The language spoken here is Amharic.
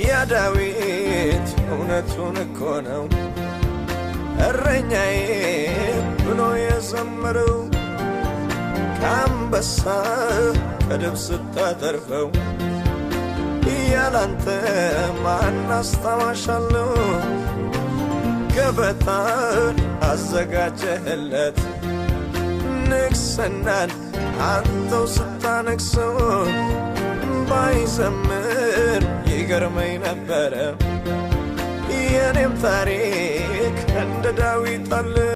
ያ ዳዊት እውነቱን እኮ ነው እረኛዬ ብሎ የዘመረው ከአንበሳ ከድብ ስታተርፈው ያላንተ ማን አስታማሻለሁ? ገበታን አዘጋጀህለት ንግስናን አንተው ስታነግሰው ባይዘምን ይገርመኝ ነበረ የኔም ታሪክ እንደ ዳዊት አለ